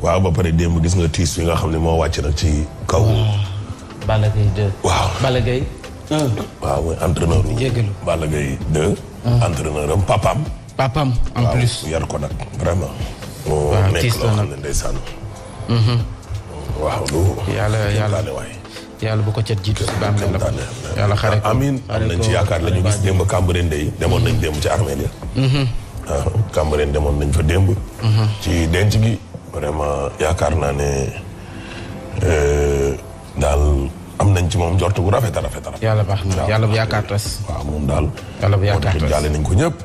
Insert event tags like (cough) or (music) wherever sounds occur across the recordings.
waaw ba pare démb gis nga tiis bi nga xam ne moo wàcc nag ci kaw. Ah. Balla Gaye 2. waaw Balla Gaye waaw mooy entraîneur bi. jégalu Balla Gaye 2. Ah. entraîneur papam. papam en plus waaw yar ko nag vraiment. moo nekk loo xam ne ndeysaan. Mhm. waaw lu. yàlla yàlla yàlla bu ko cet jiitu si baax na la yàlla xare ko amiin am nañ ci yaakaar la ñu gis démb Cambérène day demoon nañ démb ci armée ya. Mhm. Ah, demoon nañ fa démb. Mhm. ci denc gi. vraiment yaakaar naa ne euh, daal am nañ ci moom jortu bu rafet a rafet a yàlla baax na yàlla bu waaw moom daal. yàlla bu yaakaar tas jaale nañ ko ñëpp.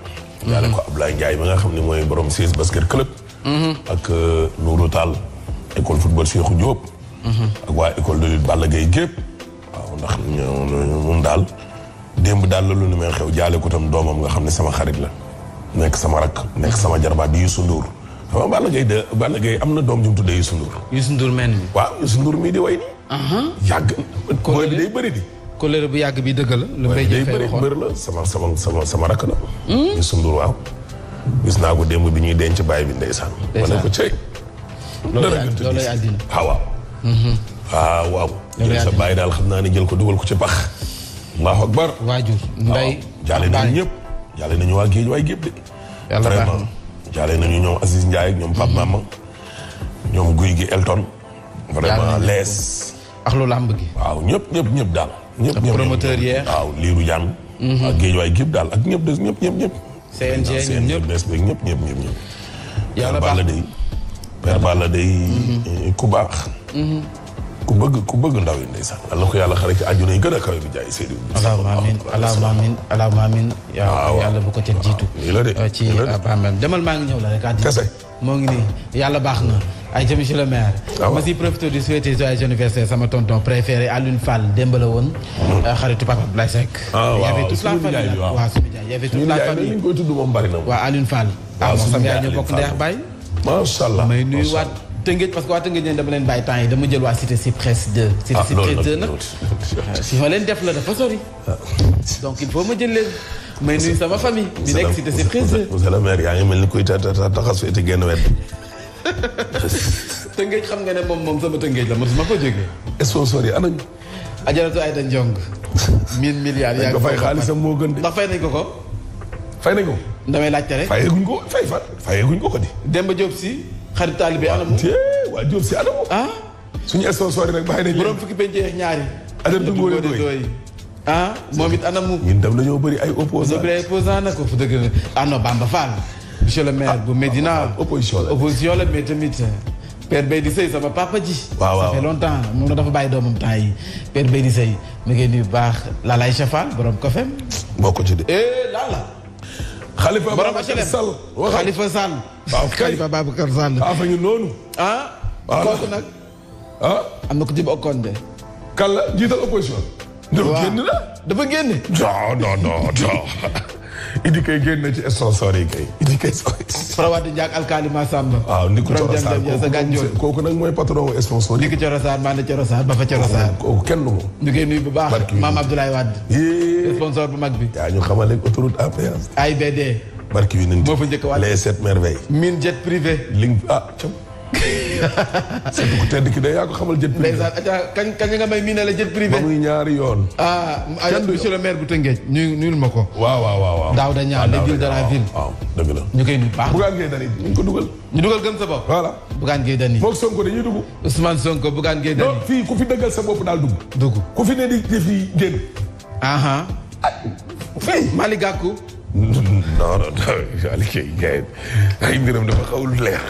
Mhm. jaale ko Ablaye Ndiaye ba nga xam ne mooy borom siis basket club. Mhm. ak euh, Nourou Tall école football Cheikhou Diop. Mhm. ak waa école de lutte Balla Gaye gépp waaw ndax moom daal démb daal la lu may xew jaale ko tam doomam nga xam ne sama xarit la. nekk sama rak nekk sama jarbaat di Youssou xam nga Balla Gaye de am na doom ju mu tuddee Youssou Ndour. Youssou Ndour mel ni. waaw Youssou Ndour mii di way nii. yàgg mooy bi day bëri di. colère bu yàgg bi dëgg la. lu mbay jëfee day bëri bëri la sama sama sama hmm? gis naa ko démb bi ñuy denc bàyyi bi ndeysaan. ndeysaan ma ko cëy. loolu yàgg loolu àddina mhm. daal xam naa ne jël ko dugal ko ci pax. allahu akbar. waajur mbay. waaw jàlle nañu ñëpp jàlle nañu waa géej waay gépp de. yàlla jaale nañu ñoom Aziz Ndiaye ñoom Pape mm-hmm. Mama ñoom Guy gi Elton. vraiment lees. ak lu waaw ñëpp ñëpp daal. ñëpp ñëpp promoteur yee. waaw liiru jàng. Mm-hmm. ak géejuwaay gépp daal ak ñëpp des ñëpp ñëpp ñëpp. CNG ñëpp ñëpp ñëpp ñëpp. yàlla Balla day mm-hmm. eh, ku baax. ku bëgg ku bëgg ndaw yi ndeysaan. allah ko yàlla xare ci àjjana yi gën a kawe bi jaay Seydou. allahumma amin allahumma amin allahumma euh, euh, yàlla baax na. ay jëm si le maire. ma si profité di souhaiter joyeux anniversaire sama tonton préféré Alioune Fall démb la woon. Hmm. Euh, xaritu Papa Abdoulaye Seck. ah waaw suñu nijaay bi waaw la famille waaw suñu nijaay bi waaw suñu nijaay bi ñu ngi koy tudd moom bari na. waaw Alioune Fall. waaw ah, ah, suñu nijaay bi waaw moom bokk ndeex baay. macha allah Tëngéej parce que waa Tëngéej ne dama leen bàyyi temps yi dama jël waa Cité Cyprès 2. Ah, Cité Cyprès 2 nag si ma ah, leen def la dafa sori. Ah. donc il faut ma jël leen. may nuyu sama famille. bi nekk Cité Cyprès 2. monsieur le (laughs) xam nga ne moom moom sama Tëngéej la mosuma ko jógee. sponsor yi anañ. ajaratu Ayda Njong. 1000 milliards yaa ngi ko fay xaalisam moo gën de. ndax fay nañ ko ko. fay nañ ko. damay laajte rek. fayeguñ ko fay fan fayeguñ ko xarit taalibe anamu. waa Diop si anamu. ah. suñu sponsor yi nag bàyyi nañ borom fukki pencee ñaari. ah moom it anamu. ñun tam dañoo bëri ay opposants. bëri ay opposants nag foofu dëgg la ah tamit. père Baye di sëy sama papa ji. waaw waaw ça fait longtemps moom la dafa bàyyi doomam temps yi père Baye di sëy mu ngi nuyu bu baax Lalaye Chafal borom Kofem. moo ko ci de. eh xalifa Babacar Sall waxal xalifa Sall. waaw kay xalifa Babacar Sall. fa ñu noonu. ah. kooku nag. ah. am na ku ci bokkoon de. kan la jiital opposition. waaw génn na. dafa génn. non non non non. idi kay génn na ci sponsor yi kay idi kay Farawati Ndiak alkaali Massamba waaw ndi ko Coro Sarr kooku nag mooy patron wu sponsor yi ndi ko Coro Sarr maa ne Coro Sarr ba fa Coro Sarr kooku kenn lu mu ñu koy nuyu bu baax maam Abdoulaye Wade sponsor bu mag bi yaa ñu xamal rek autoroute à péage AIBD barki wi nañ moo fa njëkk wàll les sept merveilles mine jet privé ling ah (laughs) surtout (laughs) ku tedd ki de yaa ko xamal jet privé. ndeysaan muy ñaari yoon. ah monsieur le maire bu Tëngéej ñu ko. waaw waaw daaw da ñaar les villes de la ville. waaw ñu koy nuyu baax Bougane Gueye Dany ñu ko dugal. ñu dugal gëm sa fi dëggal sa bopp daal dugg. dugg ku fi ne di def yi génn. ah ay mbiram dafa xawul leer.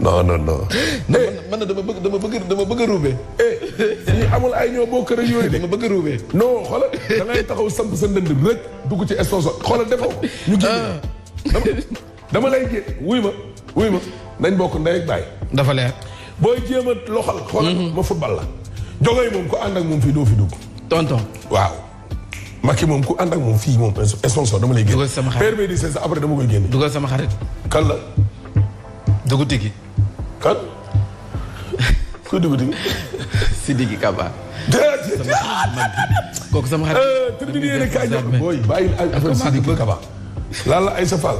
non non non. (gasps) man na dama bëgg dama bëgg dama bëgg a amul ay ñoo bokk rek yooyu dama bëgg a ruubee. non xoolal taxaw samp sa ndënd rek dugg ci estoso xoolal defoo ko ñu génn. Ah. dama lay génn wuy ma wuy nañ bokk ndey ak baay. dafa leer. booy jéem a loxal. xoolal mhm. ma football la. jogay moom ko ànd ak moom fii doo fi dugg. tonton waaw. Macky moom ku ànd ak moom fii moom sponsor dama lay génn. dugal sama xarit après dama koy génn. dugal sama xarit. kan la. dugg tigi. kan. ku dugg dugg. Sidiki Kaba. kooku sama xarit. Eh, terminé rek kaay jox booy bàyyi affaire Sidiki Kaba. Lalla Aïssa Fall.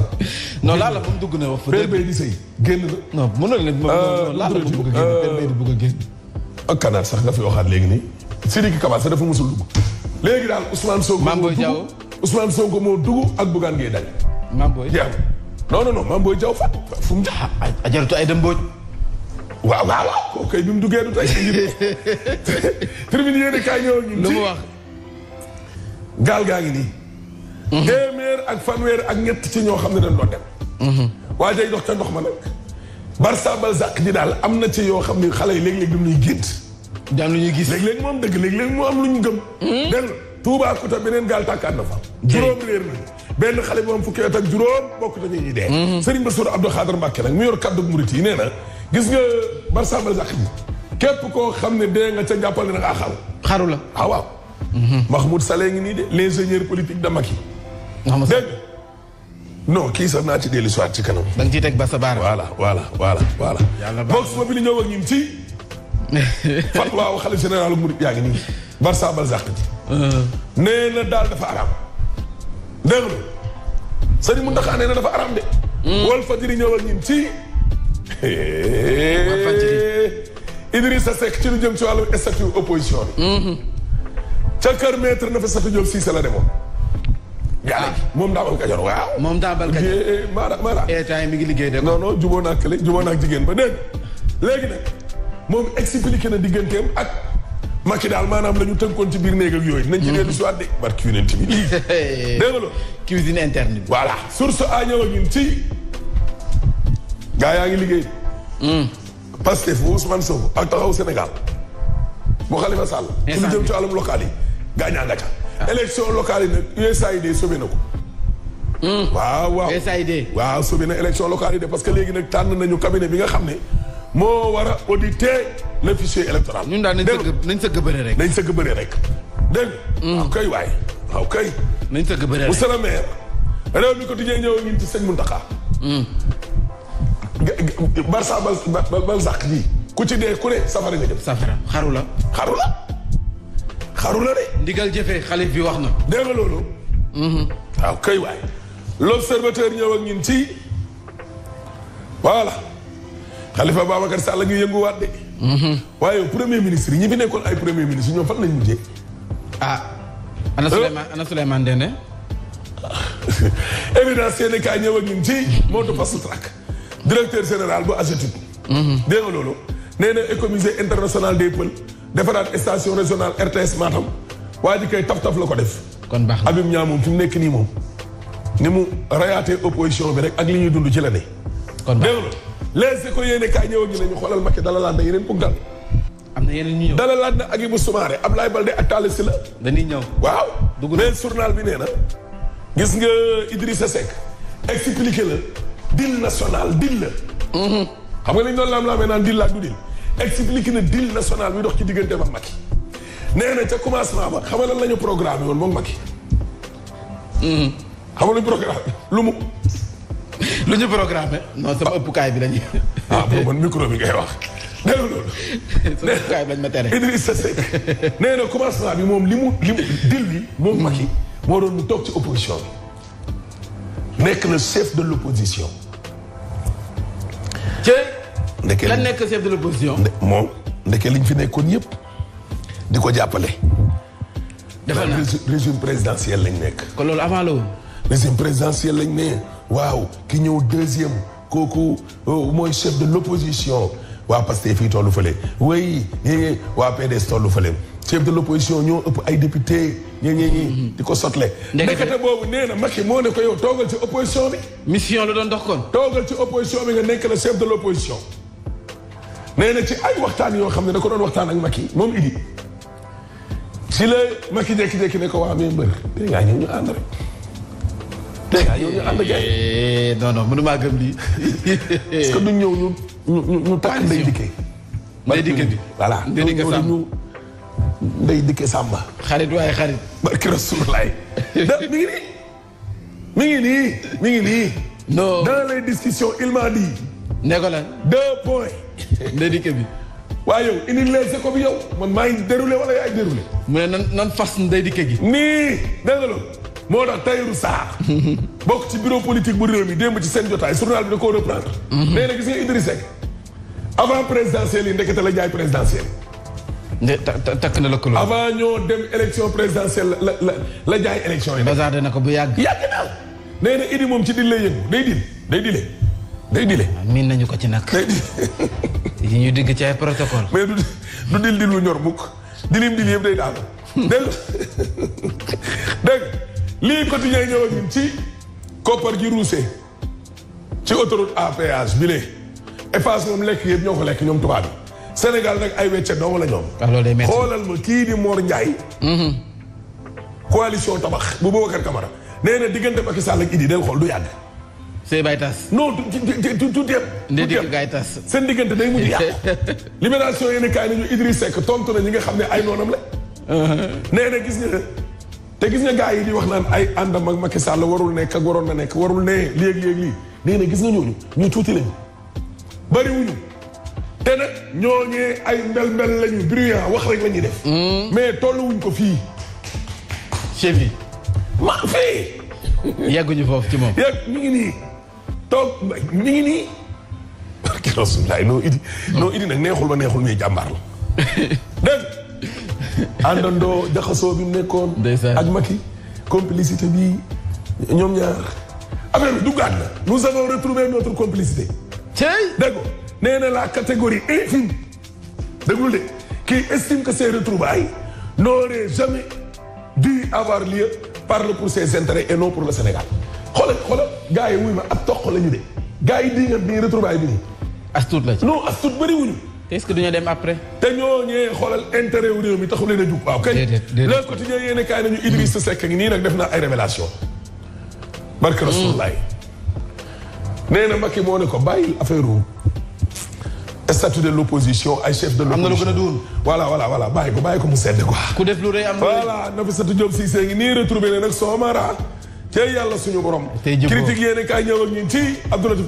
non Lalla moom dugg na wax. fa dëgg di sëy génn na. non mënoon na non Lalla moom bëgg a génn bëgg a génn. ak kanaar sax nga fa fu mu. ah ay dem Mbodj. waaw waaw kooku kay bi mu duggee du tey terminé (laughs) yéen kaay ñëw ñun. mu wax gaal gaa ngi nii. Mhm. téeméer ak fanweer ak ñett ci ñoo xam ne dañ doon dem. Mhm. waa day dox ca ndox ma nag. Barça Balzac ji daal am na ci yoo xam ne xale yi léeg-léeg dañuy gént. daan lu ñuy gis léeg-léeg moom dëgg léeg-léeg lu ñu gëm. Mhm. dégg nga Toubacouta beneen gaal tàkkaat na fa. juróom réer na. benn xale bi moom fukki at ak juróom bokk dañuy dee. Serigne Bassirou Abdou Khadre Mbacké nag mu yor kaddu murit yi nee na. gis nga barsa barzak bi képp koo xam ne dee nga ca jàppal ne nga xaru xaru la ah waaw mhm. Mahmoud Saleh ngi nii de l'ingénieur politique de Macky dégg non kii sax naa ci dellu si ci kanam da nga ciy teg Bassa Baara voilà voilà voilà voilà box ma bi li ñëw ak ñun ci (laughs) fatwa wa général mu yaa ngi nii barsa barzak uh-huh. daal dafa araam dégg nga sëñ Mountakha nee na de mm. wal fajiri ñëw ak ñun ci Eh. Idrissa Seck ci lu jëm ci wàllu statut opposition mhm. ca kër maître na fa Satou Diop Cissé la demoon. Ah. yaa moom daa bal Kajoor waaw. moom daa Kajoor eh Mara Mara. état eh, mi ngi liggéey de. non non jubóo naag kële jubóo naag jigéen ba dégg léegi nag moom expliqué na digganteem ak Macky daal maanaam la ñu tënkoon ci biir néeg yooyu. nañ ci dellu si waat de. barki yu neen tamit. dégg nga loolu. cuisine interne bi. voilà source a ñëw ak ci. gaa yaa ngi liggéey. Hmm. Pastef bu Ousmane Sonko ak taxaw Sénégal bu Khalifa Sall. ci lu jëm ci local yi gaa ñaa nga ca. Ah. élection locale yi nag USAID sauvé na ko. Hmm. waaw waaw USAID. waaw sauvé na élection locale yi de parce que léegi nag tànn nañu cabinet bi nga xam ne moo war a auditer le fichier électoral. ñun daal nañ sëgg bëre rek. nañ sëgg bëre rek dégg nga. waaw hmm. kay waay waaw ah, kay. nañ sëgg bëre rek monsieur le maire. réew mi quotidien ñëw ñun ci sëñ barsa bal bal zàq ji ku ci dee ku ne safara nga jëm. safara xaru la. xaru la xaru la de. ndigal jëfee xalif bi wax na. dégg nga loolu. Mhm. waaw kay waay. l'observateur ñëw ak ñun ci voilà xalifa Babacar Sall ngi yënguwaat de. Mhm. waaye premier ministre ñi fi nekkoon ay premier ministre ñoom fan lañ mujjee. ah. ana euh? Souleymane ana Souleymane Dende. (laughs) évidence yéen a kaay ñëw ak ñun ci Modou directeur général bu AGETIP. dégg nga loolu nee na comité international des Pôles defaraat station régionale RTS Matam waa ji kay taf-taf la ko def. kon baax na Habib moom fi mu nekk nii moom ni mu rayaatee opposition bi rek ak li ñuy dund ci la de. kon baax na les éco yéene kaay ñëw gi ne ñu xoolal Macky dalalaat na yeneen puggal. am na yeneen ñu ñëw dalalaat na Agibou Soumaré Ablaye Balde ak Talla Sylla la. dañuy ñëw waaw. dugg mais journal bi nee na gis nga Idrissa Seck expliqué la. deal national deal la. Mm-hmm. xam nga dañu doon laam-laamee naan deal la ak du deal explique na deal national bi dox ci diggante ba Macky nee na ca commencement ba xam nga lan la programme woon mm-hmm. lu mu. lu ñu programme non sama ëppukaay bi lañuy. Ah, ah bon bi ngay lañ ma tere. Idrissa commencement bi moom li mu li mu deal bi moom Macky mm-hmm. moo doon mu toog ci opposition bi. nekk le chef de l' opposition. ndeke la nekk chef de l'opposition. moom ndeke liñ fi nekkoon yëpp di ko jàppale. dafa na régime présidentiel lañ nekk. kon loolu avant la woon. régime présidentiel lañ ne waaw ki ñëw deuxième kooku euh, mooy chef de l'opposition waa Pastef fii tollu fële oui waa PDS tollu fële chef de l'opposition ñoo ëpp ay député. ñii ñii ñi di ko sotle. ndekete boobu nee na Macky moo ne ko yow toogal ci mission la doon dox kon. toogal ci opposition bi nga nekk le chef de l' opposition. nee ci ay waxtaan yoo xam ne da ko doon waxtaan ak Macky moom Idi. si la Macky jékki-jékki ne ko waa mais mbër dégg ngaa ñëw ñu ànd rek. dégg ñu ànd gay. Eh, non non mënu maa gëm lii. est-ce que duñ ñëw ñu ñu ñu ñu takk ndey dikkee. ndey dikkee bi voilà ndey dikkee Samba. ndey dikkee Samba. xarit waaye xarit. barke Rasulullaay mi ngi nii ngi nii mi ngi nii. non dans les discussions il m'a di ne ko de deux points. ndédike bi. waay yow indi les échos bi yow man maa ngi déroulé wala yaay déroulé. mu nan nan fas ndédike gi. nii dégg nga loolu. moo tax Tahirou Sarr. bokk ci bureau politique bu réew mi démb ci seen jotaay journal bi da koo reprendre. Mhm. nee na gis nga Idriss Seck avant présidentielle yi la jaay présidentielle. ne takk na lëkkaloo. avant ñoo dem élection présidentielle la la la jaay élection yi. ba bazardé na ko bu yàgg. yàgg na nee na Idi moom ci dil lay yëngu day dil day dile ah, miin nañu ko ci nag. day dile. (laughs) yi ñu digg ci ay protocole. mais du du dil dil lu ñor mukk dilim dil yëpp day daal. dégg (laughs) dégg lii quotidien ñëw ak ci koppar ji ruusee ci autoroute à péage bi lee moom lekk yëpp ñoo ko lekk ñoom tubaab bi. Sénégal nag ay wecce doomu la ñoom. Ah, xoolal ma kii di Mor Ndiaye. Mm-hmm. coalition tabax bu Boubacar Camara nee na diggante Macky Sall ak Idi del xool du yàgg. Sey bay tas. non tu tu tu tas. seen diggante day mujj yàqu. (laughs) libération yéen kaay nañu Idriss Seck na ñi nga xam ne ay noonam la. Uh-huh. nee na gis nga te gis nga gars yi wax naan ay àndam ak Macky Sall warul nekk waroon na nekk warul ne léeg-léeg lii nee na gis nga ñooñu ñu tuuti lañu te nag ay mbel mbel lañu brillant wax rek la ñuy def. Hmm. mais tolluwuñ ko fii. chef yi. ma fii. yegguñu foofu ci moom. yegg ñu ngi nii toog ñu ngi nii. barke Rasulullah noo idi noo nag neexul ma neexul mais jàmbaar la. (laughs) dégg àndandoo jaxasoo bi mu nekkoon. ak Macky complicité bi ñoom ñaar affaire bi duggaat na. nous avons retrouvé notre complicité. tey dégg nee na la catégorie infime déglu de qui estime que ces retrouvailles n'auraient jamais dû avoir lieu parle pour ses intérêts et non pour le Sénégal xoolal xoolal yi wuy ma ab toq la ñu de gars yi di nga bii retrouvaille bi nii. astuut la ci non astuut bëri wuñu est-ce que duñu dem après. te ñooñee xoolal intérêt wu réew mi taxu leen a jug. waaw kay le quotidien yéen a kaay nañu Idrissa Seck ngi nii nag def na ay révélation barke Rasulullaay mm. nee na Macky moo ne ko bàyyil affaire wu statut de l'opposition ay chef de l'opposition. am na lu a dund. voilà voilà voilà bàyyi ko bàyyi ku def lu rëy am na voilà Nafissatou Diop Cissé ngi nii retrouvé na nag Soomara. tey suñu borom. tey jubóo critique yéen kaay ñëw ak ñun ci Abdoulatif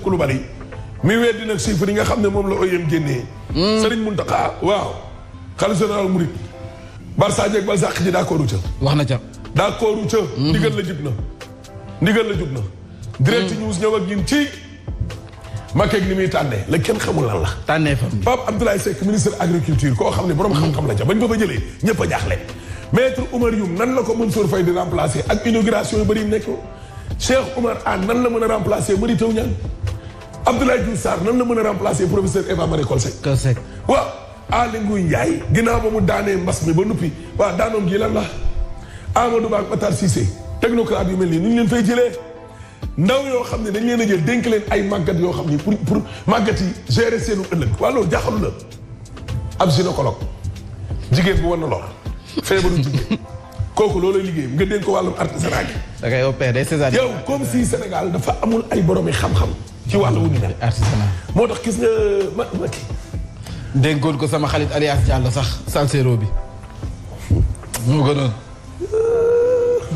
mi weddi nag chiffre yi xam ne moom la OIM génnee. Hmm. Serigne Mountakha waaw. xalifa général Mouride. Barça ak Balzac ji d'accord ca. wax na ca. d'accord ca. Hmm. ndigal la jub na. ndigal la jub hmm. news ñëw ak Macky ni muy tànnee la kenn xamul lan la. tànnee fa Pape Abdoulaye Seck ministre agriculture koo xam ne borom xam-xam la ca bañ ko fa jëlee ñëpp a jaaxle. maître Oumar Youm nan la ko Mansour Faye di remplacer ak inauguration yu bëri yu nekk Cheikh Oumar nan la mën a remplacer Mary Teuw Niane nan la mën a remplacer professeur Eva Marie Coll Seck. Coll Seck waaw Aly ba mu daanee mbas mi ba nuppi waaw daanoom gi lan la Amadou Ba ak ndaw yoo xam ne dañ leen a jël dénk leen ay màggat yoo xam ni pour pour màggat yi gérer seenu ëllëg waa loolu jaaxalu la ab gynécologue jigéen bu war na lor feebaru jigéen kooku loolu liggéeyam nga dénk ko wàllum artisanat gi. da ngay opéré si Sénégal dafa amul ay borom yi xam-xam ci wàllu wu ni moo tax gis nga ma ma kii. sama xarit Alias Diallo sax san bi moo gënoon.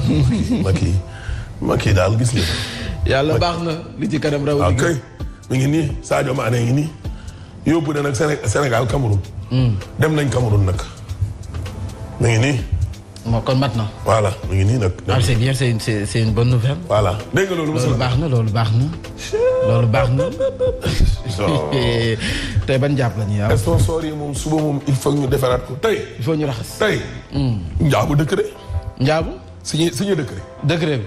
(laughs) ma kii daal gis yàlla baax na li ci kanam raw. waaw ah, kay mi ngi nii Sadio Mané ngi nii yóbbu na nag Sénégal Cameroun. Hmm. dem nañ Cameroun nag mi ngi nii. moo kon mat na. voilà mi ngi nii nag. ah c'est bien c'est une nouvelle. voilà dégg loolu. loolu baax na loolu baax baax na. (laughs) tey ban jàpp la ñuy am. sponsor yi moom suba moom il faut ñu defaraat ko tey. il faut ñu raxas tey. Hmm. njaabu décret. njaabu. signé signé décret. décret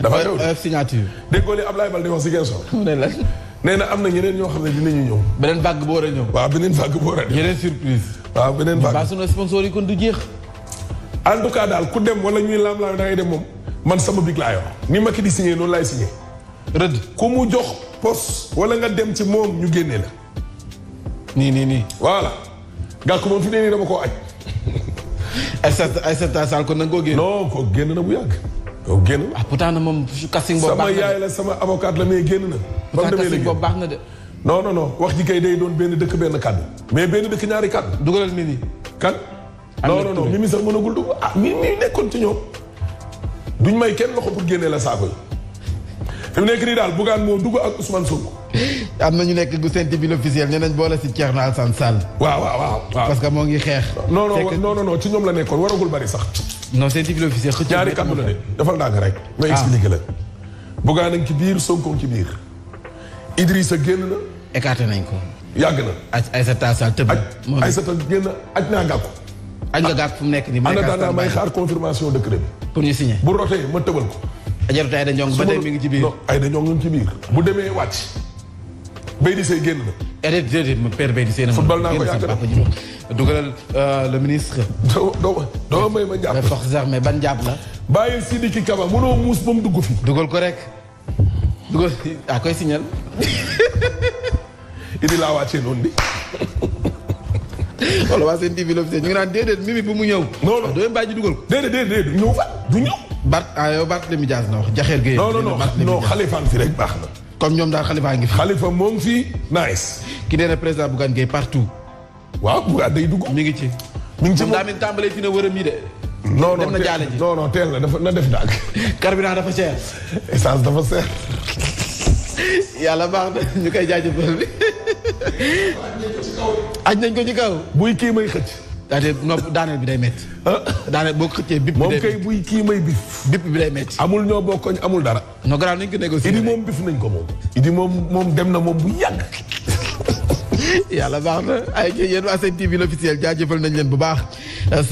dafa réew de euh, signature. déggoo li Ablaye Bal di wax si Ziguinchor. (laughs) ne la nee na am na ñeneen ñoo xam ne dinañu ñëw. beneen vague boo war a ñëw. waaw beneen vague boo war a ñëw. yeneen surprise. waaw beneen vague ba sunu sponsor yi kon du jeex. en daal ku dem wala ñuy laam-laam da ngay dem moom man sama big laa yor ni ma ki di signé noonu laay signé. rëdd ku mu jox poste wala nga dem ci moom ñu génnee la. nii nii nii. voilà gàkku moom fi mu ne nii dama koo aj. ay sa ay sa tasaal na koo génn. non ko génn na bu yàgg. kooku génn ah pourtant na moom casting boobu sama yaay la sama avocat la mais génn na. ba mu baax na de. non wax ji day doon benn dëkk benn kàddu. mais benn dëkk ñaari kàddu. dugalal mi nii. kan. non non non mi mi sax mënagul dugg ah mi mi nekkoon ci ñoom. duñ may kenn loxo pour génnee la saako yi. fi mu nekk nii daal Bougane moo dugg ak Ousmane Sonko. (laughs) am na ñu nekk gu seen bi officiel nee nañ boole si Thierno Alassane Sall. waaw waaw waaw parce que moo ngi xeex. non non non ci ñoom la nekkoon waragul bari sax. non seen bi officiel xëcc la de defal ah. la. ci biir Sonko ci biir. Idrissa génn na. écarté nañ ko. yàgg na. ay Aïssata Sall tëb na. Aïssata génn aj naa gàkku. aj nga gàkku fu mu nekk nii. ana daan naa may xaar confirmation décret bi. pour ñu signer bu rotee ma tëbal ko. ajarut ay dañoo ba tey ngi ci biir. ay dañoo ngi ci biir bu demee wàcc Baydi Seye génn na. Eh, déedéet déedéet père Baydi Seye. football naa ko yàgg na dugalal euh, le ministre. doo doo doo may ma jàpp. les forces armées ban jàpp la. bàyyi Sidiki Kaba mënoo muus ba dugg fi. dugal ko rek dugal a ah, koy signal. (laughs) Idi laa wàccee noonu di. wala (laughs) waa seen TV ñu ngi naan déedéet mimi bu mu ñëw. non non ah, doo bàyyi dugal ko. déedéet ñëw fa du ñëw. Bart ah yow Barthélémy Dias na wax jaxeer Gueye. non non non xale fan fi rek baax na. comme ñoom daal xalifa ngi fi. xalifa moo fi nice. ki nee na président Bougane Gueye partout. waaw Bougane day dugg. mi ngi ci. mu ngi ci moom daa mi tàmbalee fi ne wërëm yi de. non non non non teel na dafa na def daal. carburant dafa cher. essence dafa cher. yàlla baax na ñu koy jaajëfal bi. aj nañ ko ci kaw. buy kii xëcc. c'est-à-dire nopp daaneel bi day métti. Ah. daaneel boo ko xëccee bip bi day métti moom kay buy kii may amul ñoo bokkoñ amul dara. non garaaw nañ ko négocier idi moom bif nañ ko moom. idi moom moom dem na moom bu yàgg. (laughs) yàlla baax na ay yéen waa Sen TV l'officiel jaajëfal nañ leen bu baax.